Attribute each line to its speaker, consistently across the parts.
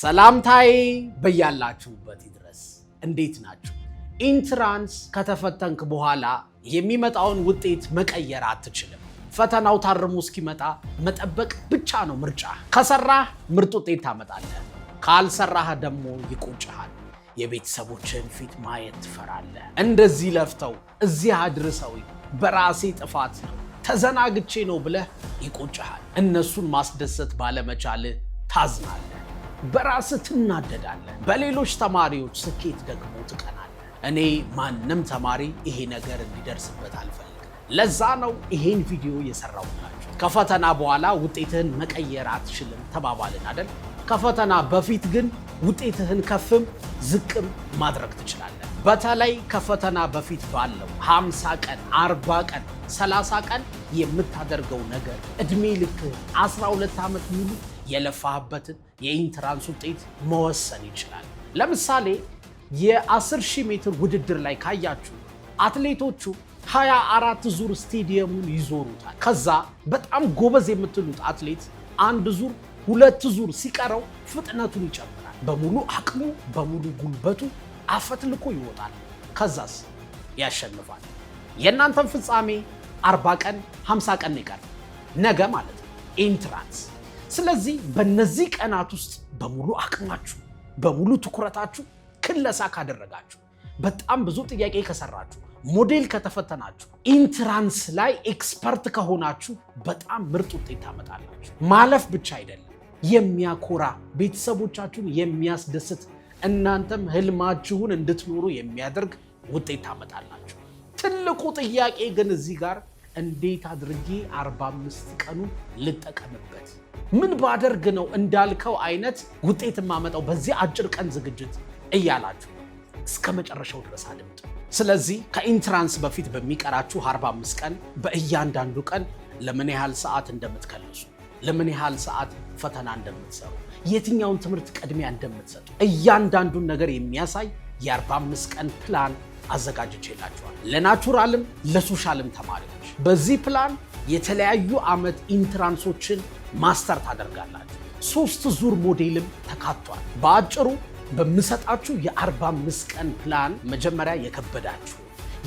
Speaker 1: ሰላምታዬ በያላችሁበት ይድረስ። እንዴት ናችሁ? ኢንትራንስ ከተፈተንክ በኋላ የሚመጣውን ውጤት መቀየር አትችልም። ፈተናው ታርሞ እስኪመጣ መጠበቅ ብቻ ነው ምርጫ። ከሰራህ ምርጥ ውጤት ታመጣለህ፣ ካልሰራህ ደግሞ ይቆጭሃል። የቤተሰቦችን ፊት ማየት ትፈራለህ። እንደዚህ ለፍተው እዚህ አድርሰው በራሴ ጥፋት ነው ተዘናግቼ ነው ብለህ ይቆጭሃል። እነሱን ማስደሰት ባለመቻልህ ታዝናለህ። በራስህ ትናደዳለህ፣ በሌሎች ተማሪዎች ስኬት ደግሞ ትቀናለህ። እኔ ማንም ተማሪ ይሄ ነገር እንዲደርስበት አልፈልግም። ለዛ ነው ይሄን ቪዲዮ የሰራሁላችሁ። ከፈተና በኋላ ውጤትህን መቀየር አትችልም ተባባልን አደል? ከፈተና በፊት ግን ውጤትህን ከፍም ዝቅም ማድረግ ትችላለህ። በተለይ ከፈተና በፊት ባለው 50 ቀን፣ 40 ቀን፣ 30 ቀን የምታደርገው ነገር እድሜ ልክህን 12 ዓመት ሙሉ የለፋህበትን የኢንትራንስ ውጤት መወሰን ይችላል። ለምሳሌ የ10 ሺህ ሜትር ውድድር ላይ ካያችሁ አትሌቶቹ 24 ዙር ስቴዲየሙን ይዞሩታል። ከዛ በጣም ጎበዝ የምትሉት አትሌት አንድ ዙር ሁለት ዙር ሲቀረው ፍጥነቱን ይጨምራል። በሙሉ አቅሙ በሙሉ ጉልበቱ አፈትልኮ ይወጣል። ከዛስ ያሸንፋል። የእናንተን ፍጻሜ 40 ቀን 50 ቀን ይቀር ነገ ማለት ነው ኢንትራንስ ስለዚህ በነዚህ ቀናት ውስጥ በሙሉ አቅማችሁ በሙሉ ትኩረታችሁ ክለሳ ካደረጋችሁ፣ በጣም ብዙ ጥያቄ ከሰራችሁ፣ ሞዴል ከተፈተናችሁ፣ ኢንትራንስ ላይ ኤክስፐርት ከሆናችሁ በጣም ምርጥ ውጤት ታመጣላችሁ። ማለፍ ብቻ አይደለም፣ የሚያኮራ ቤተሰቦቻችሁን የሚያስደስት እናንተም ህልማችሁን እንድትኖሩ የሚያደርግ ውጤት ታመጣላችሁ። ትልቁ ጥያቄ ግን እዚህ ጋር እንዴት አድርጌ 45 ቀኑን ልጠቀምበት ምን ባደርግ ነው እንዳልከው አይነት ውጤት የማመጣው በዚህ አጭር ቀን ዝግጅት እያላችሁ እስከ መጨረሻው ድረስ አድምጡ። ስለዚህ ከኢንትራንስ በፊት በሚቀራችሁ 45 ቀን በእያንዳንዱ ቀን ለምን ያህል ሰዓት እንደምትከልሱ፣ ለምን ያህል ሰዓት ፈተና እንደምትሰሩ፣ የትኛውን ትምህርት ቅድሚያ እንደምትሰጡ እያንዳንዱን ነገር የሚያሳይ የ45 ቀን ፕላን አዘጋጅቼላችኋል። ለናቹራልም ለሶሻልም ተማሪዎች በዚህ ፕላን የተለያዩ ዓመት ኢንትራንሶችን ማስተር ታደርጋላችሁ። ሶስት ዙር ሞዴልም ተካቷል። በአጭሩ በምሰጣችሁ የ45 ቀን ፕላን መጀመሪያ የከበዳችሁ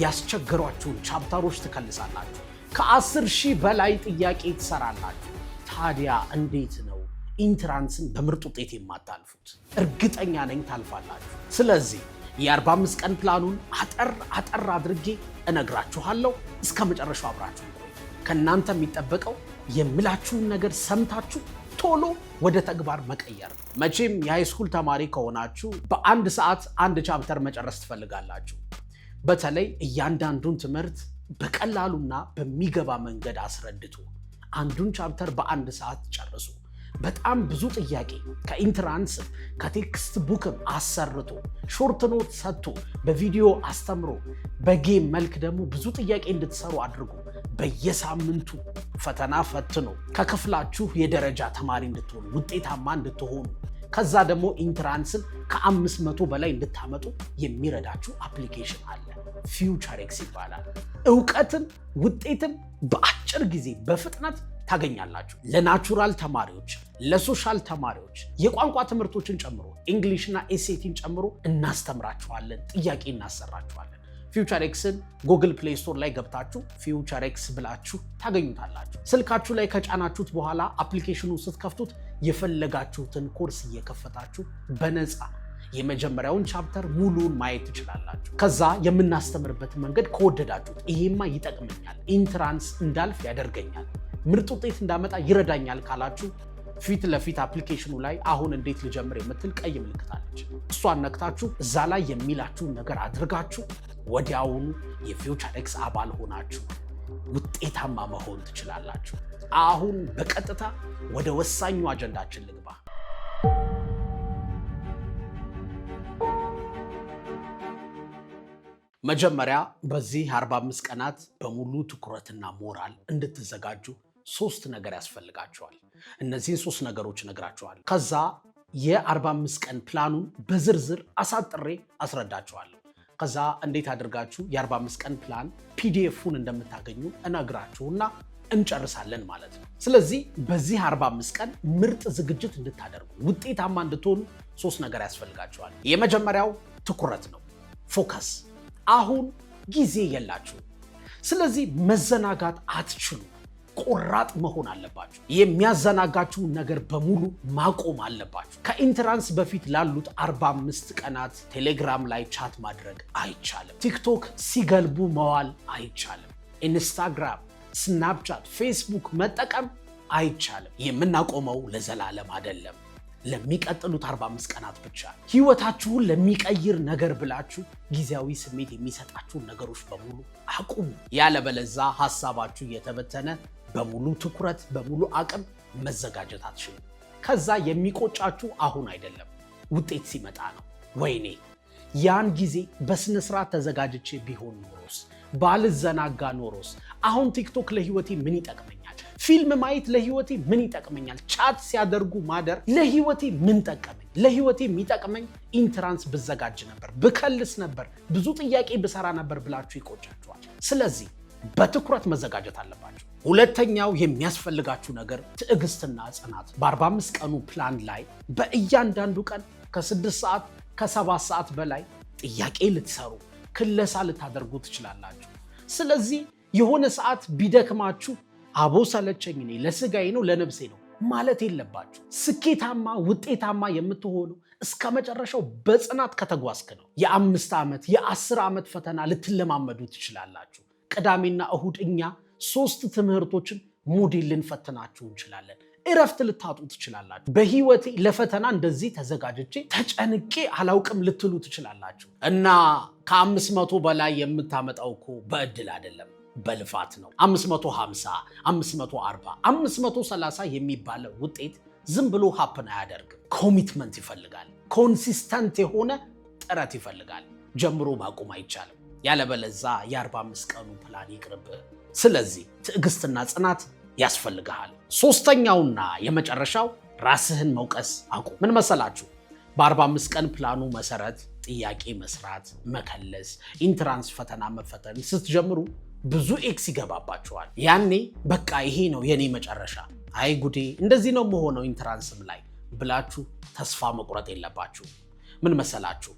Speaker 1: ያስቸገሯችሁን ቻፕተሮች ትከልሳላችሁ። ከአስር ሺህ በላይ ጥያቄ ትሰራላችሁ። ታዲያ እንዴት ነው ኢንትራንስን በምርጥ ውጤት የማታልፉት? እርግጠኛ ነኝ ታልፋላችሁ። ስለዚህ የ45 ቀን ፕላኑን አጠር አጠር አድርጌ እነግራችኋለሁ። እስከ መጨረሻው አብራችሁ ከእናንተ የሚጠበቀው የምላችሁን ነገር ሰምታችሁ ቶሎ ወደ ተግባር መቀየር ነው። መቼም የሃይስኩል ተማሪ ከሆናችሁ በአንድ ሰዓት አንድ ቻፕተር መጨረስ ትፈልጋላችሁ። በተለይ እያንዳንዱን ትምህርት በቀላሉና በሚገባ መንገድ አስረድቱ። አንዱን ቻፕተር በአንድ ሰዓት ጨርሱ። በጣም ብዙ ጥያቄ ከኢንትራንስ ከቴክስት ቡክም አሰርቶ ሾርት ኖት ሰጥቶ በቪዲዮ አስተምሮ በጌም መልክ ደግሞ ብዙ ጥያቄ እንድትሰሩ አድርጉ። በየሳምንቱ ፈተና ፈትኖ ከክፍላችሁ የደረጃ ተማሪ እንድትሆኑ ውጤታማ እንድትሆኑ ከዛ ደግሞ ኢንትራንስን ከአምስት መቶ በላይ እንድታመጡ የሚረዳችሁ አፕሊኬሽን አለ። ፊውቸር ኤክስ ይባላል። እውቀትን ውጤትን በአጭር ጊዜ በፍጥነት ታገኛላችሁ። ለናቹራል ተማሪዎች፣ ለሶሻል ተማሪዎች የቋንቋ ትምህርቶችን ጨምሮ እንግሊሽና ኤሴቲን ጨምሮ እናስተምራችኋለን። ጥያቄ እናሰራችኋለን። ፊውቸር ኤክስን ጉግል ፕሌይ ስቶር ላይ ገብታችሁ ፊውቸር ኤክስ ብላችሁ ታገኙታላችሁ። ስልካችሁ ላይ ከጫናችሁት በኋላ አፕሊኬሽኑ ስትከፍቱት የፈለጋችሁትን ኮርስ እየከፈታችሁ በነፃ የመጀመሪያውን ቻፕተር ሙሉውን ማየት ትችላላችሁ። ከዛ የምናስተምርበትን መንገድ ከወደዳችሁት ይሄማ ይጠቅመኛል፣ ኢንትራንስ እንዳልፍ ያደርገኛል፣ ምርጥ ውጤት እንዳመጣ ይረዳኛል ካላችሁ ፊት ለፊት አፕሊኬሽኑ ላይ አሁን እንዴት ልጀምር የምትል ቀይ ምልክት አለች። እሷን ነክታችሁ እዛ ላይ የሚላችሁን ነገር አድርጋችሁ ወዲያውኑ የፊውቸር ኤክስ አባል ሆናችሁ ውጤታማ መሆን ትችላላችሁ። አሁን በቀጥታ ወደ ወሳኙ አጀንዳችን ልግባ። መጀመሪያ በዚህ 45 ቀናት በሙሉ ትኩረትና ሞራል እንድትዘጋጁ ሶስት ነገር ያስፈልጋቸዋል። እነዚህን ሶስት ነገሮች እነግራቸዋለሁ። ከዛ የ45 ቀን ፕላኑን በዝርዝር አሳጥሬ አስረዳቸዋለሁ። ከዛ እንዴት አድርጋችሁ የ45 ቀን ፕላን ፒዲኤፉን እንደምታገኙ እነግራችሁና እንጨርሳለን ማለት ነው። ስለዚህ በዚህ 45 ቀን ምርጥ ዝግጅት እንድታደርጉ ውጤታማ እንድትሆኑ ሶስት ነገር ያስፈልጋችኋል። የመጀመሪያው ትኩረት ነው፣ ፎከስ። አሁን ጊዜ የላችሁ። ስለዚህ መዘናጋት አትችሉ። ቆራጥ መሆን አለባችሁ። የሚያዘናጋችሁን ነገር በሙሉ ማቆም አለባችሁ። ከኢንትራንስ በፊት ላሉት 45 ቀናት ቴሌግራም ላይ ቻት ማድረግ አይቻልም። ቲክቶክ ሲገልቡ መዋል አይቻልም። ኢንስታግራም፣ ስናፕቻት፣ ፌስቡክ መጠቀም አይቻልም። የምናቆመው ለዘላለም አይደለም፣ ለሚቀጥሉት 45 ቀናት ብቻ። ህይወታችሁን ለሚቀይር ነገር ብላችሁ ጊዜያዊ ስሜት የሚሰጣችሁን ነገሮች በሙሉ አቁሙ። ያለበለዛ ሀሳባችሁ እየተበተነ በሙሉ ትኩረት በሙሉ አቅም መዘጋጀት አትችሉም። ከዛ የሚቆጫችሁ አሁን አይደለም ውጤት ሲመጣ ነው። ወይኔ ያን ጊዜ በስነ ስርዓት ተዘጋጅቼ ቢሆን ኖሮስ፣ ባልዘናጋ ኖሮስ፣ አሁን ቲክቶክ ለህይወቴ ምን ይጠቅመኛል? ፊልም ማየት ለህይወቴ ምን ይጠቅመኛል? ቻት ሲያደርጉ ማደር ለህይወቴ ምን ጠቀመኝ? ለህይወቴ የሚጠቅመኝ ኢንትራንስ ብዘጋጅ ነበር፣ ብከልስ ነበር፣ ብዙ ጥያቄ ብሰራ ነበር ብላችሁ ይቆጫችኋል። ስለዚህ በትኩረት መዘጋጀት አለባችሁ። ሁለተኛው የሚያስፈልጋችሁ ነገር ትዕግስትና ጽናት። በ45 ቀኑ ፕላን ላይ በእያንዳንዱ ቀን ከ6 ሰዓት ከ7 ሰዓት በላይ ጥያቄ ልትሰሩ፣ ክለሳ ልታደርጉ ትችላላችሁ። ስለዚህ የሆነ ሰዓት ቢደክማችሁ አቦ ሰለቸኝ፣ እኔ ለስጋዬ ነው ለነብሴ ነው ማለት የለባችሁ። ስኬታማ ውጤታማ የምትሆኑ እስከ መጨረሻው በጽናት ከተጓዝክ ነው። የአምስት ዓመት የአስር ዓመት ፈተና ልትለማመዱ ትችላላችሁ። ቅዳሜና እሁድ እኛ ሶስት ትምህርቶችን ሞዴል ልንፈትናችሁ እንችላለን። እረፍት ልታጡ ትችላላችሁ። በህይወቴ ለፈተና እንደዚህ ተዘጋጅቼ ተጨንቄ አላውቅም ልትሉ ትችላላችሁ። እና ከአምስት መቶ በላይ የምታመጣው እኮ በእድል አይደለም በልፋት ነው። 550፣ 540፣ 530 የሚባለ ውጤት ዝም ብሎ ሀፕን አያደርግም። ኮሚትመንት ይፈልጋል። ኮንሲስተንት የሆነ ጥረት ይፈልጋል። ጀምሮ ማቆም አይቻልም። ያለበለዛ የ45 ቀኑ ፕላን ይቅርብ። ስለዚህ ትዕግስትና ጽናት ያስፈልግሃል። ሶስተኛውና የመጨረሻው ራስህን መውቀስ አቁም። ምን መሰላችሁ? በ45 ቀን ፕላኑ መሰረት ጥያቄ መስራት፣ መከለስ፣ ኢንትራንስ ፈተና መፈተን ስትጀምሩ ብዙ ኤክስ ይገባባችኋል። ያኔ በቃ ይሄ ነው የኔ መጨረሻ፣ አይ ጉዴ እንደዚህ ነው መሆነው ኢንትራንስም ላይ ብላችሁ ተስፋ መቁረጥ የለባችሁ። ምን መሰላችሁ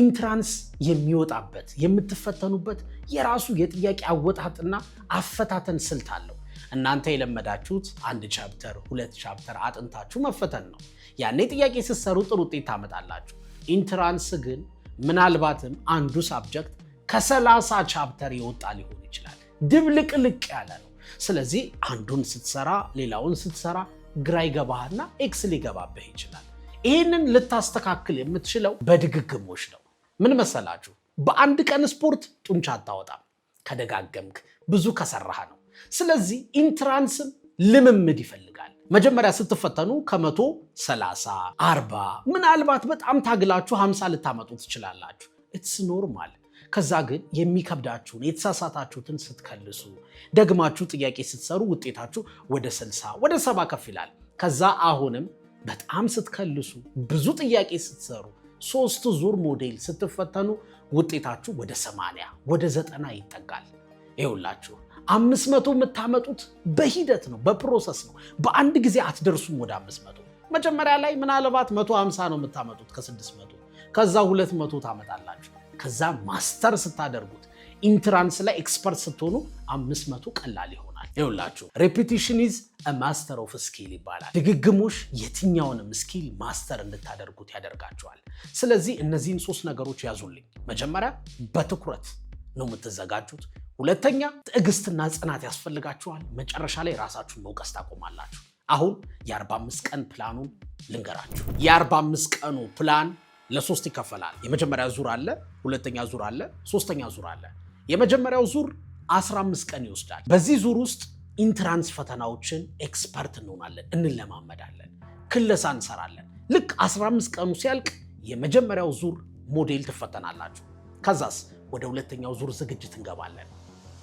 Speaker 1: ኢንትራንስ የሚወጣበት የምትፈተኑበት የራሱ የጥያቄ አወጣትና አፈታተን ስልት አለው። እናንተ የለመዳችሁት አንድ ቻፕተር ሁለት ቻፕተር አጥንታችሁ መፈተን ነው። ያኔ ጥያቄ ስትሰሩ ጥሩ ውጤት ታመጣላችሁ። ኢንትራንስ ግን ምናልባትም አንዱ ሳብጀክት ከሰላሳ ቻፕተር የወጣ ሊሆን ይችላል። ድብልቅልቅ ያለ ነው። ስለዚህ አንዱን ስትሰራ ሌላውን ስትሰራ ግራ ይገባህና ኤክስ ሊገባብህ ይችላል። ይህንን ልታስተካክል የምትችለው በድግግሞች ነው። ምን መሰላችሁ? በአንድ ቀን ስፖርት ጡንቻ አታወጣም፣ ከደጋገምክ ብዙ ከሰራህ ነው። ስለዚህ ኢንትራንስም ልምምድ ይፈልጋል። መጀመሪያ ስትፈተኑ ከመቶ 30 40 ምናልባት በጣም ታግላችሁ 50 ልታመጡ ትችላላችሁ። ኢትስ ኖርማል። ከዛ ግን የሚከብዳችሁን የተሳሳታችሁትን ስትከልሱ ደግማችሁ ጥያቄ ስትሰሩ ውጤታችሁ ወደ 60 ወደ ሰባ ከፍ ይላል። ከዛ አሁንም በጣም ስትከልሱ ብዙ ጥያቄ ስትሰሩ ሶስት ዙር ሞዴል ስትፈተኑ ውጤታችሁ ወደ 80 ወደ 90 ይጠጋል። ይኸውላችሁ አምስት መቶ የምታመጡት በሂደት ነው፣ በፕሮሰስ ነው። በአንድ ጊዜ አትደርሱም ወደ አምስት መቶ መጀመሪያ ላይ ምናልባት 150 ነው የምታመጡት ከ600 ከዛ 200 ታመጣላችሁ። ከዛ ማስተር ስታደርጉት ኢንትራንስ ላይ ኤክስፐርት ስትሆኑ 500 ቀላል ይውላችሁ ሬፒቲሽን ኢዝ ማስተር ኦፍ ስኪል ይባላል። ድግግሞሽ የትኛውንም ስኪል ማስተር እንድታደርጉት ያደርጋቸዋል። ስለዚህ እነዚህን ሶስት ነገሮች ያዙልኝ። መጀመሪያ በትኩረት ነው የምትዘጋጁት። ሁለተኛ ትዕግስትና ጽናት ያስፈልጋችኋል። መጨረሻ ላይ ራሳችሁን መውቀስ ታቆማላችሁ። አሁን የ45 ቀን ፕላኑን ልንገራችሁ። የ45 ቀኑ ፕላን ለሶስት ይከፈላል። የመጀመሪያ ዙር አለ፣ ሁለተኛ ዙር አለ፣ ሶስተኛ ዙር አለ። የመጀመሪያው ዙር 15 ቀን ይወስዳል። በዚህ ዙር ውስጥ ኢንትራንስ ፈተናዎችን ኤክስፐርት እንሆናለን፣ እንለማመዳለን፣ ክለሳ እንሰራለን። ልክ 15 ቀኑ ሲያልቅ የመጀመሪያው ዙር ሞዴል ትፈተናላችሁ። ከዛስ ወደ ሁለተኛው ዙር ዝግጅት እንገባለን።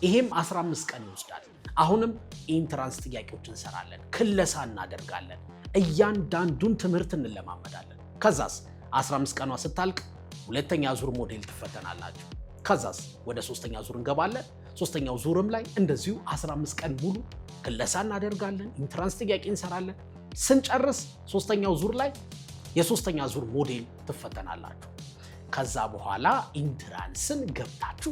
Speaker 1: ይሄም 15 ቀን ይወስዳል። አሁንም ኢንትራንስ ጥያቄዎች እንሰራለን፣ ክለሳ እናደርጋለን፣ እያንዳንዱን ትምህርት እንለማመዳለን። ከዛስ 15 ቀኗ ስታልቅ ሁለተኛ ዙር ሞዴል ትፈተናላችሁ። ከዛስ ወደ ሶስተኛ ዙር እንገባለን። ሶስተኛው ዙርም ላይ እንደዚሁ 15 ቀን ሙሉ ክለሳ እናደርጋለን። ኢንትራንስ ጥያቄ እንሰራለን። ስንጨርስ ሶስተኛው ዙር ላይ የሶስተኛ ዙር ሞዴል ትፈተናላችሁ። ከዛ በኋላ ኢንትራንስን ገብታችሁ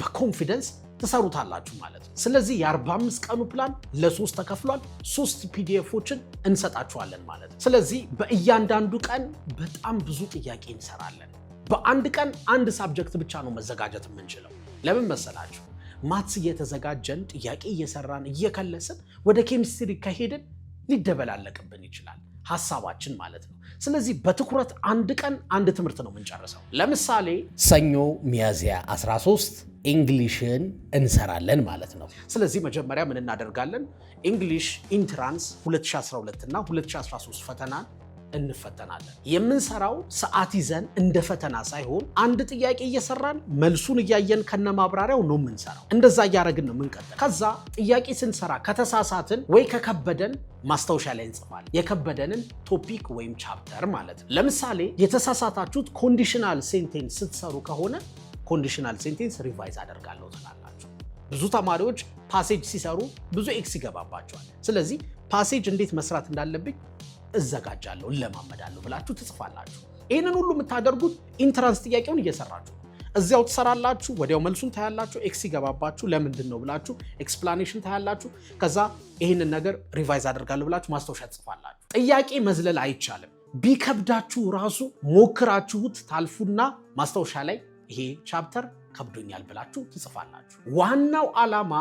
Speaker 1: በኮንፊደንስ ትሰሩታላችሁ ማለት ነው። ስለዚህ የ45 ቀኑ ፕላን ለሶስት ተከፍሏል። ሶስት ፒዲኤፎችን እንሰጣችኋለን ማለት ነው። ስለዚህ በእያንዳንዱ ቀን በጣም ብዙ ጥያቄ እንሰራለን። በአንድ ቀን አንድ ሳብጀክት ብቻ ነው መዘጋጀት የምንችለው። ለምን መሰላችሁ? ማትስ እየተዘጋጀን ጥያቄ እየሰራን እየከለስን ወደ ኬሚስትሪ ከሄድን ሊደበላለቅብን ይችላል ሀሳባችን ማለት ነው። ስለዚህ በትኩረት አንድ ቀን አንድ ትምህርት ነው የምንጨርሰው። ለምሳሌ ሰኞ ሚያዝያ 13 ኢንግሊሽን እንሰራለን ማለት ነው። ስለዚህ መጀመሪያ ምን እናደርጋለን? ኢንግሊሽ ኢንትራንስ 2012 እና 2013 ፈተናን እንፈተናለን። የምንሰራው ሰዓት ይዘን እንደ ፈተና ሳይሆን አንድ ጥያቄ እየሰራን መልሱን እያየን ከነ ማብራሪያው ነው የምንሰራው። እንደዛ እያደረግን ነው የምንቀጥል። ከዛ ጥያቄ ስንሰራ ከተሳሳትን ወይ ከከበደን ማስታወሻ ላይ እንጽፋለን። የከበደንን ቶፒክ ወይም ቻፕተር ማለት ነው። ለምሳሌ የተሳሳታችሁት ኮንዲሽናል ሴንቴንስ ስትሰሩ ከሆነ ኮንዲሽናል ሴንቴንስ ሪቫይዝ አደርጋለሁ ትላላችሁ። ብዙ ተማሪዎች ፓሴጅ ሲሰሩ ብዙ ኤክስ ይገባባቸዋል። ስለዚህ ፓሴጅ እንዴት መስራት እንዳለብኝ እዘጋጃለሁ፣ እለማመዳለሁ ብላችሁ ትጽፋላችሁ። ይህንን ሁሉ የምታደርጉት ኢንትራንስ ጥያቄውን እየሰራችሁ እዚያው ትሰራላችሁ። ወዲያው መልሱን ታያላችሁ። ኤክስ ይገባባችሁ። ለምንድን ነው ብላችሁ ኤክስፕላኔሽን ታያላችሁ። ከዛ ይህንን ነገር ሪቫይዝ አደርጋለሁ ብላችሁ ማስታወሻ ትጽፋላችሁ። ጥያቄ መዝለል አይቻልም። ቢከብዳችሁ ራሱ ሞክራችሁት ታልፉና ማስታወሻ ላይ ይሄ ቻፕተር ከብዶኛል ብላችሁ ትጽፋላችሁ። ዋናው ዓላማ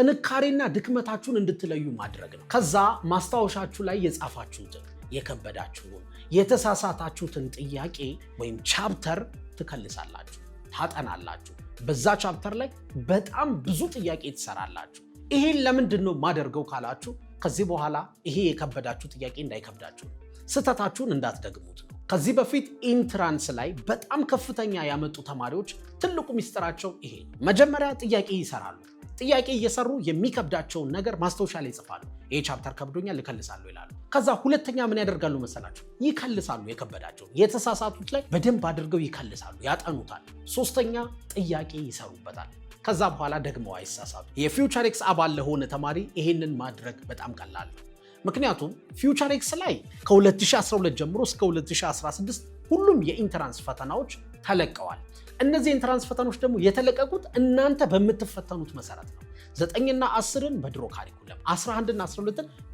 Speaker 1: ጥንካሬና ድክመታችሁን እንድትለዩ ማድረግ ነው። ከዛ ማስታወሻችሁ ላይ የጻፋችሁትን የከበዳችሁን የተሳሳታችሁትን ጥያቄ ወይም ቻፕተር ትከልሳላችሁ፣ ታጠናላችሁ። በዛ ቻፕተር ላይ በጣም ብዙ ጥያቄ ትሰራላችሁ። ይሄን ለምንድን ነው ማደርገው ካላችሁ ከዚህ በኋላ ይሄ የከበዳችሁ ጥያቄ እንዳይከብዳችሁ ነው። ስህተታችሁን እንዳትደግሙት ነው። ከዚህ በፊት ኢንትራንስ ላይ በጣም ከፍተኛ ያመጡ ተማሪዎች ትልቁ ሚስጥራቸው ይሄ ነው። መጀመሪያ ጥያቄ ይሰራሉ። ጥያቄ እየሰሩ የሚከብዳቸውን ነገር ማስታወሻ ላይ ይጽፋሉ። ይህ ቻፕተር ከብዶኛል ልከልሳሉ ይላሉ። ከዛ ሁለተኛ ምን ያደርጋሉ መሰላቸው? ይከልሳሉ። የከበዳቸው የተሳሳቱት ላይ በደንብ አድርገው ይከልሳሉ፣ ያጠኑታል። ሶስተኛ ጥያቄ ይሰሩበታል። ከዛ በኋላ ደግሞ አይሳሳቱ። የፊውቸር ኤክስ አባል ለሆነ ተማሪ ይሄንን ማድረግ በጣም ቀላል ነው። ምክንያቱም ፊውቸር ኤክስ ላይ ከ2012 ጀምሮ እስከ 2016 ሁሉም የኢንትራንስ ፈተናዎች ተለቀዋል። እነዚህ ኢንትራንስ ፈተኖች ደግሞ የተለቀቁት እናንተ በምትፈተኑት መሰረት ነው። ዘጠኝና አስርን በድሮ ካሪኩለም፣ 11ና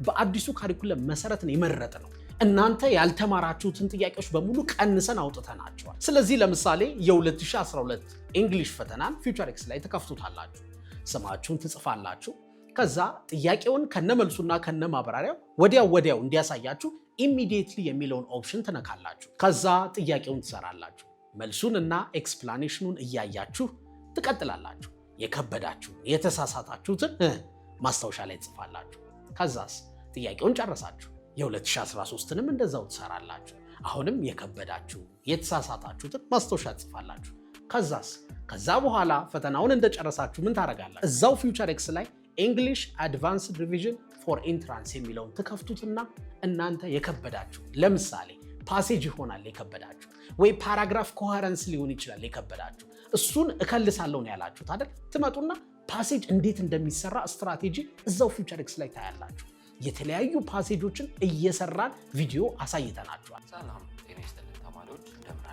Speaker 1: በአዲሱ ካሪኩለም መሰረትን የመረጥ ነው። እናንተ ያልተማራችሁትን ጥያቄዎች በሙሉ ቀንሰን አውጥተናቸዋል። ስለዚህ ለምሳሌ የ2012 ኢንግሊሽ ፈተናን ፊውቸር ኤክስ ላይ ተከፍቱታላችሁ። ስማችሁን ትጽፋላችሁ። ከዛ ጥያቄውን ከነመልሱና ከነማብራሪያው ወዲያው ወዲያው እንዲያሳያችሁ ኢሚዲየትሊ የሚለውን ኦፕሽን ትነካላችሁ። ከዛ ጥያቄውን ትሰራላችሁ። መልሱን እና ኤክስፕላኔሽኑን እያያችሁ ትቀጥላላችሁ። የከበዳችሁ የተሳሳታችሁትን ማስታወሻ ላይ ትጽፋላችሁ። ከዛስ ጥያቄውን ጨረሳችሁ። የ2013ንም እንደዛው ትሰራላችሁ። አሁንም የከበዳችሁ የተሳሳታችሁትን ማስታወሻ ትጽፋላችሁ። ከዛስ ከዛ በኋላ ፈተናውን እንደጨረሳችሁ ምን ታደርጋላችሁ? እዛው ፊውቸር ኤክስ ላይ ኢንግሊሽ አድቫንስድ ሪቪዥን ፎር ኢንትራንስ የሚለውን ትከፍቱትና እናንተ የከበዳችሁ ለምሳሌ ፓሴጅ ይሆናል የከበዳችሁ ወይ ፓራግራፍ ኮሄረንስ ሊሆን ይችላል የከበዳችሁ። እሱን እከልሳለሁ ነው ያላችሁት አይደል? ትመጡና ፓሴጅ እንዴት እንደሚሰራ ስትራቴጂ እዛው ፊውቸር ኤክስ ላይ ታያላችሁ። የተለያዩ ፓሴጆችን እየሰራን ቪዲዮ አሳይተናችኋል።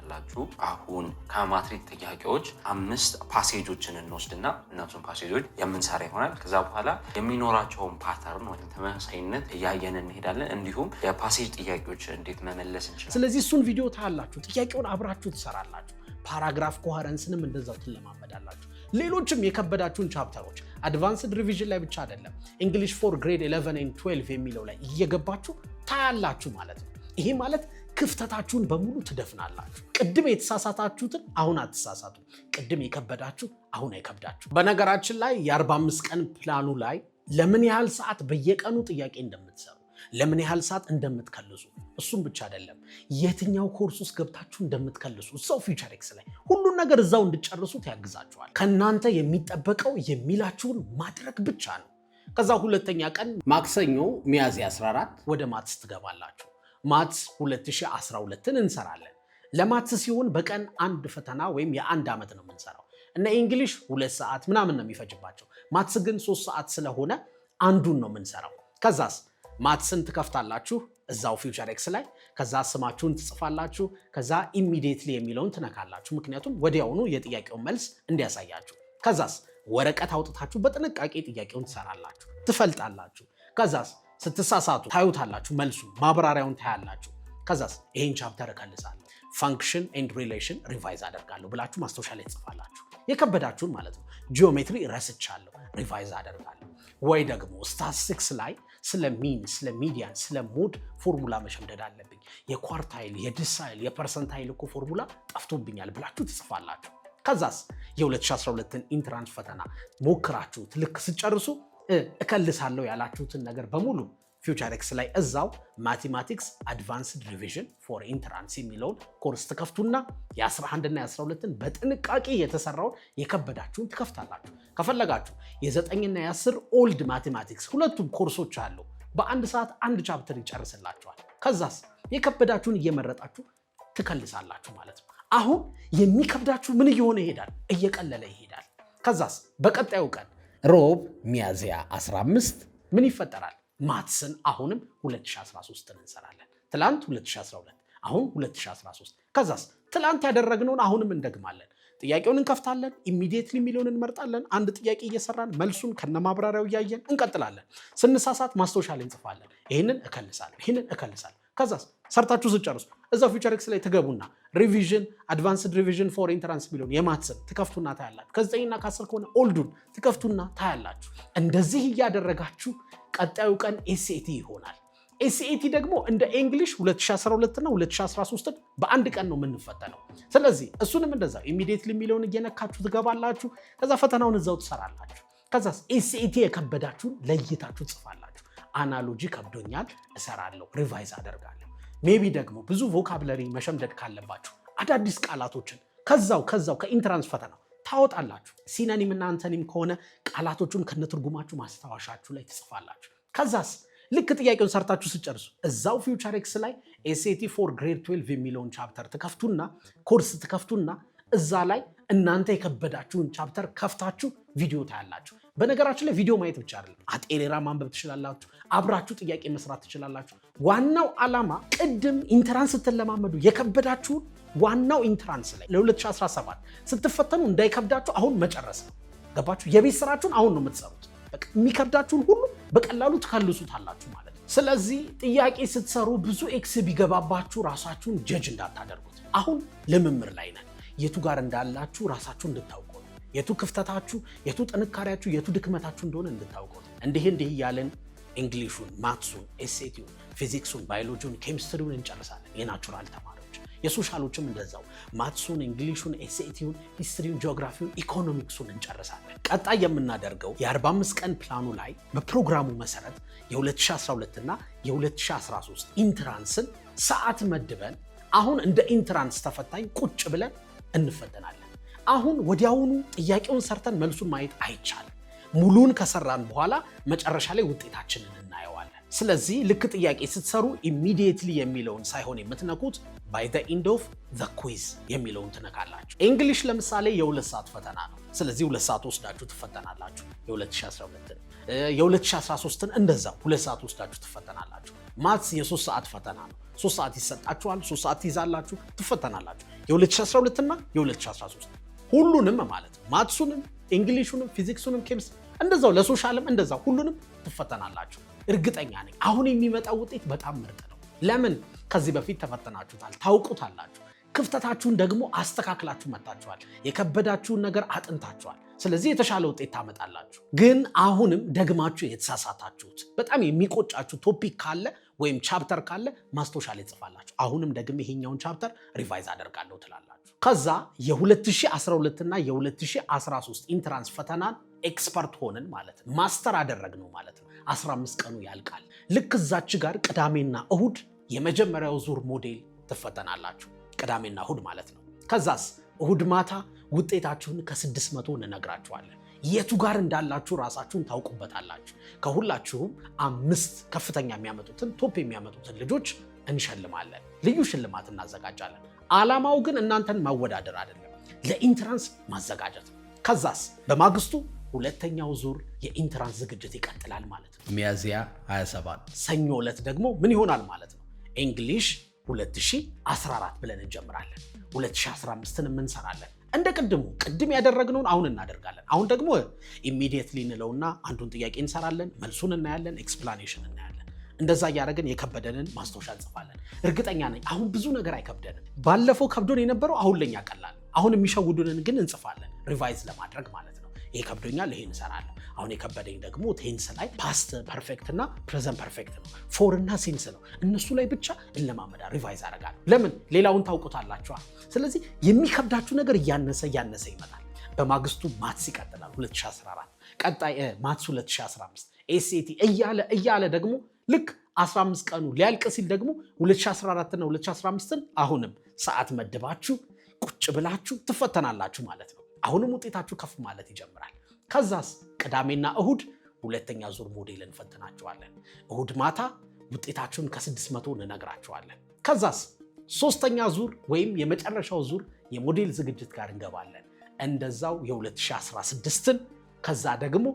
Speaker 2: ካላችሁ አሁን ከማትሪክ ጥያቄዎች አምስት ፓሴጆችን እንወስድና እነሱን ፓሴጆች የምንሰራ ይሆናል። ከዛ በኋላ የሚኖራቸውን ፓተርን ወይም ተመሳሳይነት እያየን እንሄዳለን። እንዲሁም የፓሴጅ ጥያቄዎች እንዴት መመለስ እንችላል።
Speaker 1: ስለዚህ እሱን ቪዲዮ ታያላችሁ፣ ጥያቄውን አብራችሁ ትሰራላችሁ። ፓራግራፍ ኮሄረንስንም እንደዛው ትለማመዳላችሁ። ሌሎችም የከበዳችሁን ቻፕተሮች አድቫንስድ ሪቪዥን ላይ ብቻ አይደለም እንግሊሽ ፎር ግሬድ 11 ኤንድ 12 የሚለው ላይ እየገባችሁ ታያላችሁ ማለት ነው። ይሄ ማለት ክፍተታችሁን በሙሉ ትደፍናላችሁ። ቅድም የተሳሳታችሁትን አሁን አትሳሳቱ። ቅድም የከበዳችሁ አሁን አይከብዳችሁ። በነገራችን ላይ የ45 ቀን ፕላኑ ላይ ለምን ያህል ሰዓት በየቀኑ ጥያቄ እንደምትሰሩ ለምን ያህል ሰዓት እንደምትከልሱ፣ እሱም ብቻ አይደለም የትኛው ኮርስ ውስጥ ገብታችሁ እንደምትከልሱ እዛው ፊውቸር ኤክስ ላይ ሁሉን ነገር እዛው እንድጨርሱት ያግዛችኋል። ከእናንተ የሚጠበቀው የሚላችሁን ማድረግ ብቻ ነው። ከዛ ሁለተኛ ቀን
Speaker 2: ማክሰኞ ሚያዝያ 14
Speaker 1: ወደ ማትስ ትገባላችሁ። ማትስ 2012ን እንሰራለን። ለማትስ ሲሆን በቀን አንድ ፈተና ወይም የአንድ ዓመት ነው የምንሰራው። እነ ኢንግሊሽ ሁለት ሰዓት ምናምን ነው የሚፈጅባቸው። ማትስ ግን ሶስት ሰዓት ስለሆነ አንዱን ነው የምንሰራው። ከዛስ ማትስን ትከፍታላችሁ እዛው ፊውቸር ኤክስ ላይ። ከዛ ስማችሁን ትጽፋላችሁ። ከዛ ኢሚዲየትሊ የሚለውን ትነካላችሁ፣ ምክንያቱም ወዲያውኑ የጥያቄውን መልስ እንዲያሳያችሁ። ከዛስ ወረቀት አውጥታችሁ በጥንቃቄ ጥያቄውን ትሰራላችሁ፣ ትፈልጣላችሁ። ከዛስ ስትሳሳቱ ታዩታላችሁ፣ መልሱ ማብራሪያውን ታያላችሁ። ከዛስ ይህን ቻፕተር እቀንሳለሁ፣ ፋንክሽን ኤንድ ሪሌሽን ሪቫይዝ አደርጋለሁ ብላችሁ ማስታወሻ ላይ ትጽፋላችሁ። የከበዳችሁን ማለት ነው። ጂኦሜትሪ ረስቻለሁ፣ ሪቫይዝ አደርጋለሁ። ወይ ደግሞ ስታስቲክስ ላይ ስለ ሚን፣ ስለ ሚዲያን፣ ስለ ሞድ ፎርሙላ መሸምደድ አለብኝ። የኳርታይል፣ የዲሳይል፣ የፐርሰንታይል እኮ ፎርሙላ ጠፍቶብኛል ብላችሁ ትጽፋላችሁ። ከዛስ የ2012ን ኢንትራንስ ፈተና ሞክራችሁ ልክ ስጨርሱ እከልሳለሁ ያላችሁትን ነገር በሙሉ ፊውቸር ኤክስ ላይ እዛው ማቴማቲክስ አድቫንስድ ሪቪዥን ፎር ኢንትራንስ የሚለውን ኮርስ ትከፍቱና የ11ና የ12ን በጥንቃቄ የተሰራውን የከበዳችሁን ትከፍታላችሁ። ከፈለጋችሁ የ 9 የ10 ኦልድ ማቴማቲክስ ሁለቱም ኮርሶች አሉ። በአንድ ሰዓት አንድ ቻፕተር ይጨርስላችኋል። ከዛስ የከበዳችሁን እየመረጣችሁ ትከልሳላችሁ ማለት ነው። አሁን የሚከብዳችሁ ምን እየሆነ ይሄዳል? እየቀለለ ይሄዳል። ከዛስ በቀጣዩ ቀን
Speaker 2: ሮብ ሚያዝያ 15 ምን ይፈጠራል?
Speaker 1: ማትስን አሁንም 2013 እንሰራለን። ትላንት 2012፣ አሁን 2013። ከዛስ ትላንት ያደረግነውን አሁንም እንደግማለን። ጥያቄውን እንከፍታለን። ኢሚዲየትሊ የሚለውን እንመርጣለን። አንድ ጥያቄ እየሰራን መልሱን ከነማብራሪያው እያየን እንቀጥላለን። ስንሳሳት ማስታወሻ ላይ እንጽፋለን። ይህንን እከልሳለሁ፣ ይህንን እከልሳለሁ። ከዛስ ሰርታችሁ ስጨርሱ እዛው ፊውቸር ኤክስ ላይ ትገቡና ሪቪዥን አድቫንስድ ሪቪዥን ፎር ኢንትራንስ የሚለውን የማትስን ትከፍቱና ታያላችሁ። ከዘጠኝና ከአስር ከሆነ ኦልዱን ትከፍቱና ታያላችሁ። እንደዚህ እያደረጋችሁ ቀጣዩ ቀን ኤስኤቲ ይሆናል። ኤስኤቲ ደግሞ እንደ እንግሊሽ 2012ና 2013 በአንድ ቀን ነው የምንፈተነው። ስለዚህ እሱንም እንደዛ ኢሚዲየትሊ የሚለውን እየነካችሁ ትገባላችሁ። ከዛ ፈተናውን እዛው ትሰራላችሁ። ከዛ ኤስኤቲ የከበዳችሁን ለይታችሁ ትጽፋላችሁ። አናሎጂ ከብዶኛል እሰራለሁ፣ ሪቫይዝ አደርጋለሁ ሜቢ ደግሞ ብዙ ቮካብለሪ መሸምደድ ካለባችሁ አዳዲስ ቃላቶችን ከዛው ከዛው ከኢንትራንስ ፈተና ታወጣላችሁ። ሲነኒም እና አንተኒም ከሆነ ቃላቶቹን ከነትርጉማችሁ ማስታወሻችሁ ላይ ትጽፋላችሁ። ከዛስ ልክ ጥያቄውን ሰርታችሁ ስጨርሱ እዛው ፊውቸር ኤክስ ላይ ኤስኤቲ ፎር ግሬድ 12 የሚለውን ቻፕተር ትከፍቱና ኮርስ ትከፍቱና እዛ ላይ እናንተ የከበዳችሁን ቻፕተር ከፍታችሁ ቪዲዮ ታያላችሁ። በነገራችን ላይ ቪዲዮ ማየት ብቻ አይደለም፣ አጤሌራ ማንበብ ትችላላችሁ። አብራችሁ ጥያቄ መስራት ትችላላችሁ። ዋናው ዓላማ ቅድም ኢንትራንስ ስትለማመዱ የከበዳችሁን ዋናው ኢንትራንስ ላይ ለ2017 ስትፈተኑ እንዳይከብዳችሁ አሁን መጨረስ ነው። ገባችሁ? የቤት ስራችሁን አሁን ነው የምትሰሩት። የሚከብዳችሁን ሁሉ በቀላሉ ትከልሱታላችሁ ማለት ነው። ስለዚህ ጥያቄ ስትሰሩ ብዙ ኤክስ ቢገባባችሁ ራሳችሁን ጀጅ እንዳታደርጉት። አሁን ልምምር ላይ ነን። የቱ ጋር እንዳላችሁ ራሳችሁ እንድታውቁ ነው። የቱ ክፍተታችሁ፣ የቱ ጥንካሬያችሁ፣ የቱ ድክመታችሁ እንደሆነ እንድታውቁ ነው። እንዲህ እንዲህ እያለን እንግሊሹን፣ ማትሱን፣ ኤሴቲውን፣ ፊዚክሱን፣ ባዮሎጂውን፣ ኬሚስትሪውን እንጨርሳለን። የናቹራል ተማሪዎች የሶሻሎችም እንደዛው ማትሱን፣ እንግሊሹን፣ ኤሴቲውን፣ ሂስትሪውን፣ ጂኦግራፊውን፣ ኢኮኖሚክሱን እንጨርሳለን። ቀጣይ የምናደርገው የ45 ቀን ፕላኑ ላይ በፕሮግራሙ መሰረት የ2012 እና የ2013 ኢንትራንስን ሰዓት መድበን አሁን እንደ ኢንትራንስ ተፈታኝ ቁጭ ብለን እንፈተናለን። አሁን ወዲያውኑ ጥያቄውን ሰርተን መልሱን ማየት አይቻልም። ሙሉን ከሰራን በኋላ መጨረሻ ላይ ውጤታችንን እናየዋለን። ስለዚህ ልክ ጥያቄ ስትሰሩ ኢሚዲየትሊ የሚለውን ሳይሆን የምትነኩት ባይ ዘ ኢንድ ኦፍ ዘ ኩዝ የሚለውን ትነካላችሁ። እንግሊሽ ለምሳሌ የሁለት ሰዓት ፈተና ነው። ስለዚህ ሁለት ሰዓት ወስዳችሁ ትፈተናላችሁ። የ የ2013ን ሁለት ሰዓት ወስዳችሁ ትፈተናላችሁ። ማትስ የሶስት ሰዓት ፈተና ነው። ሶስት ሰዓት ይሰጣችኋል። ሶስት ሰዓት ትይዛላችሁ፣ ትፈተናላችሁ። የ2012 እና የ2013 ሁሉንም ማለት ማትሱንም እንግሊሹንም ፊዚክሱንም ኬሚስ እንደዛው ለሶሻልም እንደዛው ሁሉንም ትፈተናላችሁ። እርግጠኛ ነኝ አሁን የሚመጣው ውጤት በጣም ምርጥ ነው። ለምን ከዚህ በፊት ተፈተናችሁታል፣ ታውቁታላችሁ። ክፍተታችሁን ደግሞ አስተካክላችሁ መታችኋል። የከበዳችሁን ነገር አጥንታችኋል። ስለዚህ የተሻለ ውጤት ታመጣላችሁ። ግን አሁንም ደግማችሁ የተሳሳታችሁት በጣም የሚቆጫችሁ ቶፒክ ካለ ወይም ቻፕተር ካለ ማስታወሻ ላይ ጽፋላችሁ። አሁንም ደግሞ ይሄኛውን ቻፕተር ሪቫይዝ አደርጋለሁ ትላለ ከዛ የ2012 እና የ2013 ኢንትራንስ ፈተናን ኤክስፐርት ሆንን ማለት ነው። ማስተር አደረግነው ማለት ነው። 15 ቀኑ ያልቃል። ልክ እዛች ጋር ቅዳሜና እሁድ የመጀመሪያው ዙር ሞዴል ትፈተናላችሁ። ቅዳሜና እሁድ ማለት ነው። ከዛስ እሁድ ማታ ውጤታችሁን ከ600 እንነግራችኋለን። የቱ ጋር እንዳላችሁ ራሳችሁን ታውቁበታላችሁ። ከሁላችሁም አምስት ከፍተኛ የሚያመጡትን ቶፕ የሚያመጡትን ልጆች እንሸልማለን። ልዩ ሽልማት እናዘጋጃለን። አላማው ግን እናንተን ማወዳደር አይደለም፣ ለኢንትራንስ ማዘጋጀት ከዛስ በማግስቱ ሁለተኛው ዙር የኢንትራንስ ዝግጅት ይቀጥላል ማለት
Speaker 2: ነው። ሚያዝያ 27
Speaker 1: ሰኞ ዕለት ደግሞ ምን ይሆናል ማለት ነው? እንግሊሽ 2014 ብለን እንጀምራለን። 2015ን እንሰራለን። እንደ ቅድሙ ቅድም ያደረግነውን አሁን እናደርጋለን። አሁን ደግሞ ኢሚዲየትሊ እንለውና አንዱን ጥያቄ እንሰራለን፣ መልሱን እናያለን፣ ኤክስፕላኔሽን እናያለን። እንደዛ እያደረግን የከበደንን ማስታወሻ እንጽፋለን። እርግጠኛ ነኝ አሁን ብዙ ነገር አይከብደንም። ባለፈው ከብዶን የነበረው አሁን ለኛ ቀላል። አሁን የሚሸውዱንን ግን እንጽፋለን፣ ሪቫይዝ ለማድረግ ማለት ነው። ይሄ ከብዶኛል፣ ይሄ እንሰራለሁ። አሁን የከበደኝ ደግሞ ቴንስ ላይ ፓስት ፐርፌክት እና ፕሬዘንት ፐርፌክት ነው፣ ፎር እና ሲንስ ነው። እነሱ ላይ ብቻ እንለማመዳ፣ ሪቫይዝ አደርጋለሁ። ለምን ሌላውን ታውቁታላችኋል። ስለዚህ የሚከብዳችሁ ነገር እያነሰ እያነሰ ይመጣል። በማግስቱ ማትስ ይቀጥላል 2014 ቀጣይ ማትስ 2015 ኤስኤቲ እያለ እያለ ደግሞ ልክ 15 ቀኑ ሊያልቅ ሲል ደግሞ 2014ና 2015ን አሁንም ሰዓት መድባችሁ ቁጭ ብላችሁ ትፈተናላችሁ ማለት ነው። አሁንም ውጤታችሁ ከፍ ማለት ይጀምራል። ከዛስ ቅዳሜና እሁድ ሁለተኛ ዙር ሞዴል እንፈትናችኋለን። እሁድ ማታ ውጤታችሁን ከስድስት መቶ እንነግራችኋለን። ከዛስ ሶስተኛ ዙር ወይም የመጨረሻው ዙር የሞዴል ዝግጅት ጋር እንገባለን። እንደዛው የ2016ን ከዛ ደግሞ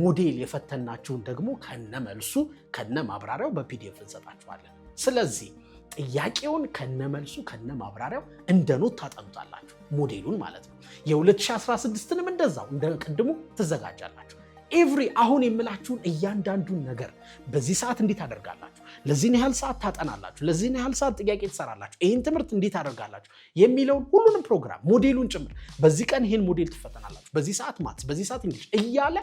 Speaker 1: ሞዴል የፈተናችሁን ደግሞ ከነ መልሱ ከነ ማብራሪያው በፒዲኤፍ እንሰጣችኋለን። ስለዚህ ጥያቄውን ከነ መልሱ ከነ ማብራሪያው እንደ ኖት ታጠኑታላችሁ፣ ሞዴሉን ማለት ነው። የ2016ንም እንደዛው እንደ ቅድሙ ትዘጋጃላችሁ። ኤቭሪ አሁን የምላችሁን እያንዳንዱን ነገር በዚህ ሰዓት እንዴት ታደርጋላችሁ፣ ለዚህን ያህል ሰዓት ታጠናላችሁ፣ ለዚህን ያህል ሰዓት ጥያቄ ትሰራላችሁ፣ ይህን ትምህርት እንዴት ታደርጋላችሁ የሚለውን ሁሉንም ፕሮግራም ሞዴሉን ጭምር በዚህ ቀን ይህን ሞዴል ትፈተናላችሁ፣ በዚህ ሰዓት ማት፣ በዚህ ሰዓት እንግሊሽ እያለ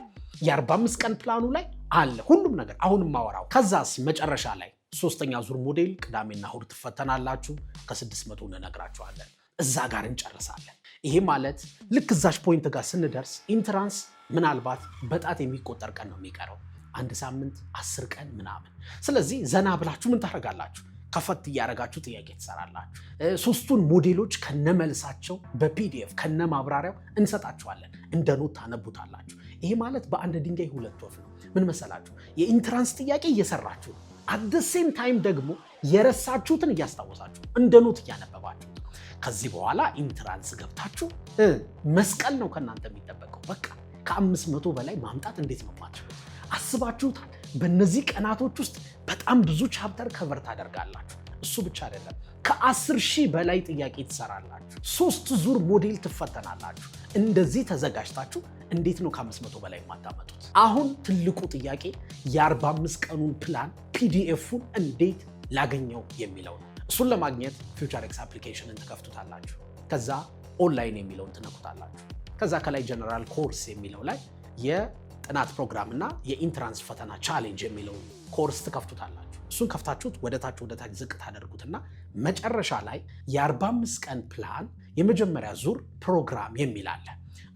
Speaker 1: የ45 ቀን ፕላኑ ላይ አለ ሁሉም ነገር አሁን ማወራው። ከዛስ መጨረሻ ላይ ሶስተኛ ዙር ሞዴል ቅዳሜና እሑድ ትፈተናላችሁ። ከስድስት መቶ እንነግራችኋለን። እዛ ጋር እንጨርሳለን። ይሄ ማለት ልክ እዛች ፖይንት ጋር ስንደርስ ኢንትራንስ ምናልባት በጣት የሚቆጠር ቀን ነው የሚቀረው፣ አንድ ሳምንት አስር ቀን ምናምን። ስለዚህ ዘና ብላችሁ ምን ታደርጋላችሁ? ከፈት እያደረጋችሁ ጥያቄ ትሰራላችሁ። ሶስቱን ሞዴሎች ከነመልሳቸው በፒዲኤፍ ከነ ማብራሪያው እንሰጣችኋለን። እንደ ኖት ታነቡታላችሁ። ይሄ ማለት በአንድ ድንጋይ ሁለት ወፍ ነው። ምን መሰላችሁ? የኢንትራንስ ጥያቄ እየሰራችሁ ነው። አደሴም ታይም ደግሞ የረሳችሁትን እያስታወሳችሁ እንደ ኖት እያነበባችሁ ከዚህ በኋላ ኢንትራንስ ገብታችሁ መስቀል ነው ከእናንተ የሚጠበቀው በቃ ከአምስት መቶ በላይ ማምጣት እንዴት ነው ማቸው አስባችሁታል? በእነዚህ ቀናቶች ውስጥ በጣም ብዙ ቻፕተር ከቨር ታደርጋላችሁ። እሱ ብቻ አይደለም፣ ከአስር ሺህ በላይ ጥያቄ ትሰራላችሁ። ሶስት ዙር ሞዴል ትፈተናላችሁ። እንደዚህ ተዘጋጅታችሁ እንዴት ነው ከአምስት መቶ በላይ የማታመጡት? አሁን ትልቁ ጥያቄ የ45 ቀኑን ፕላን ፒዲኤፉን እንዴት ላገኘው የሚለው ነው። እሱን ለማግኘት ፊውቸር ኤክስ አፕሊኬሽንን ትከፍቱታላችሁ። ከዛ ኦንላይን የሚለውን ትነኩታላችሁ። ከዛ ከላይ ጀነራል ኮርስ የሚለው ላይ የጥናት ፕሮግራም እና የኢንትራንስ ፈተና ቻሌንጅ የሚለው ኮርስ ትከፍቱታላችሁ። እሱን ከፍታችሁት ወደታች ወደታች ዝቅ ታደርጉትና መጨረሻ ላይ የ45 ቀን ፕላን የመጀመሪያ ዙር ፕሮግራም የሚል አለ።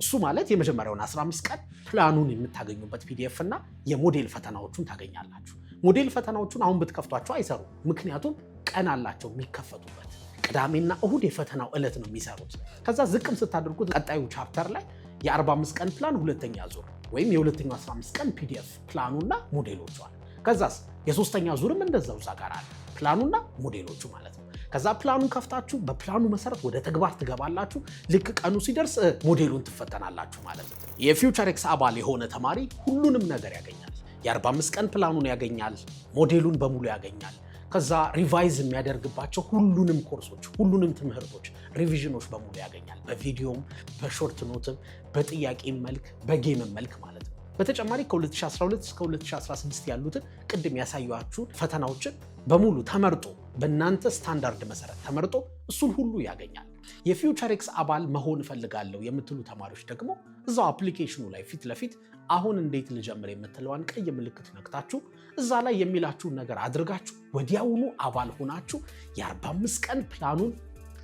Speaker 1: እሱ ማለት የመጀመሪያውን 15 ቀን ፕላኑን የምታገኙበት ፒዲኤፍ እና የሞዴል ፈተናዎቹን ታገኛላችሁ። ሞዴል ፈተናዎቹን አሁን ብትከፍቷቸው አይሰሩም፣ ምክንያቱም ቀን አላቸው የሚከፈቱበት ቅዳሜና እሁድ የፈተናው ዕለት ነው የሚሰሩት። ከዛ ዝቅም ስታደርጉት ቀጣዩ ቻፕተር ላይ የ45 ቀን ፕላን ሁለተኛ ዙር ወይም የሁለተኛው 15 ቀን ፒዲኤፍ ፕላኑና አለ። ከዛስ የሶስተኛ ዙርም እንደዛው እዛ ጋር አለ ፕላኑና ሞዴሎቹ ማለት ነው። ከዛ ፕላኑን ከፍታችሁ በፕላኑ መሰረት ወደ ተግባር ትገባላችሁ። ልክ ቀኑ ሲደርስ ሞዴሉን ትፈተናላችሁ ማለት ነው። የፊውቸር ኤክስ አባል የሆነ ተማሪ ሁሉንም ነገር ያገኛል። የ45 ቀን ፕላኑን ያገኛል፣ ሞዴሉን በሙሉ ያገኛል። ከዛ ሪቫይዝ የሚያደርግባቸው ሁሉንም ኮርሶች፣ ሁሉንም ትምህርቶች፣ ሪቪዥኖች በሙሉ ያገኛል። በቪዲዮም፣ በሾርት ኖትም፣ በጥያቄም መልክ፣ በጌም መልክ ማለት ነው። በተጨማሪ ከ2012 እስከ 2016 ያሉትን ቅድም ያሳየኋችሁ ፈተናዎችን በሙሉ ተመርጦ በእናንተ ስታንዳርድ መሰረት ተመርጦ እሱን ሁሉ ያገኛል። የፊውቸር ኤክስ አባል መሆን እፈልጋለሁ የምትሉ ተማሪዎች ደግሞ እዛው አፕሊኬሽኑ ላይ ፊት ለፊት አሁን እንዴት ልጀምር የምትለዋን ቀይ ምልክት ነክታችሁ እዛ ላይ የሚላችሁን ነገር አድርጋችሁ ወዲያውኑ አባል ሆናችሁ የ45 ቀን ፕላኑን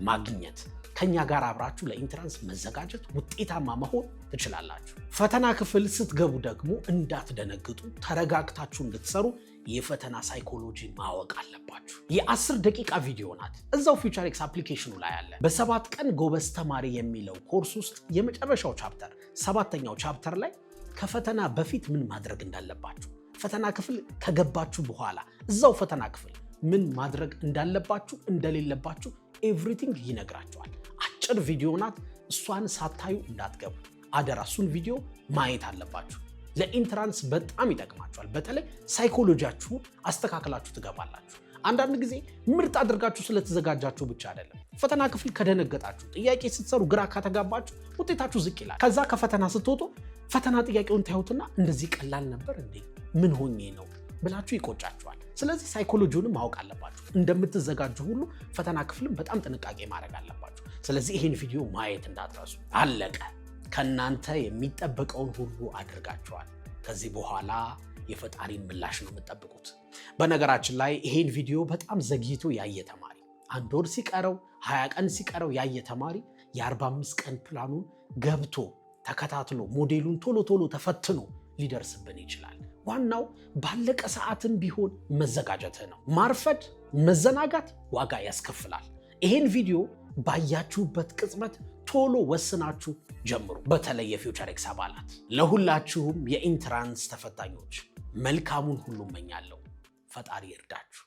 Speaker 1: ማግኘት ከኛ ጋር አብራችሁ ለኢንትራንስ መዘጋጀት ውጤታማ መሆን ትችላላችሁ። ፈተና ክፍል ስትገቡ ደግሞ እንዳትደነግጡ፣ ተረጋግታችሁ እንድትሰሩ የፈተና ሳይኮሎጂ ማወቅ አለባችሁ። የአስር ደቂቃ ቪዲዮ ናት። እዛው ፊውቸር አፕሊኬሽኑ ላይ አለ። በሰባት ቀን ጎበዝ ተማሪ የሚለው ኮርስ ውስጥ የመጨረሻው ቻፕተር ሰባተኛው ቻፕተር ላይ ከፈተና በፊት ምን ማድረግ እንዳለባችሁ ፈተና ክፍል ከገባችሁ በኋላ እዛው ፈተና ክፍል ምን ማድረግ እንዳለባችሁ እንደሌለባችሁ ኤቭሪቲንግ ይነግራቸዋል አጭር ቪዲዮ ናት። እሷን ሳታዩ እንዳትገቡ አደራ። እሱን ቪዲዮ ማየት አለባችሁ። ለኢንትራንስ በጣም ይጠቅማቸዋል። በተለይ ሳይኮሎጂያችሁን አስተካክላችሁ ትገባላችሁ። አንዳንድ ጊዜ ምርጥ አድርጋችሁ ስለተዘጋጃችሁ ብቻ አይደለም። ፈተና ክፍል ከደነገጣችሁ፣ ጥያቄ ስትሰሩ ግራ ካተጋባችሁ ውጤታችሁ ዝቅ ይላል። ከዛ ከፈተና ስትወጡ ፈተና ጥያቄውን ታዩትና እንደዚህ ቀላል ነበር እንዴ ምን ሆኜ ነው ብላችሁ ይቆጫችኋል። ስለዚህ ሳይኮሎጂውንም ማወቅ አለባችሁ። እንደምትዘጋጁ ሁሉ ፈተና ክፍልም በጣም ጥንቃቄ ማድረግ አለባችሁ። ስለዚህ ይህን ቪዲዮ ማየት እንዳትረሱ። አለቀ። ከእናንተ የሚጠበቀውን ሁሉ አድርጋችኋል። ከዚህ በኋላ የፈጣሪን ምላሽ ነው የምጠብቁት። በነገራችን ላይ ይሄን ቪዲዮ በጣም ዘግይቶ ያየ ተማሪ አንድ ወር ሲቀረው ሀያ ቀን ሲቀረው ያየ ተማሪ የ45 ቀን ፕላኑን ገብቶ ተከታትሎ ሞዴሉን ቶሎ ቶሎ ተፈትኖ ሊደርስብን ይችላል። ዋናው ባለቀ ሰዓትን ቢሆን መዘጋጀትህ ነው። ማርፈድ፣ መዘናጋት ዋጋ ያስከፍላል። ይህን ቪዲዮ ባያችሁበት ቅጽበት ቶሎ ወስናችሁ ጀምሩ። በተለይ የፊውቸር ኤክስ አባላት፣ ለሁላችሁም የኢንትራንስ ተፈታኞች መልካሙን ሁሉ እመኛለሁ። ፈጣሪ ይርዳችሁ።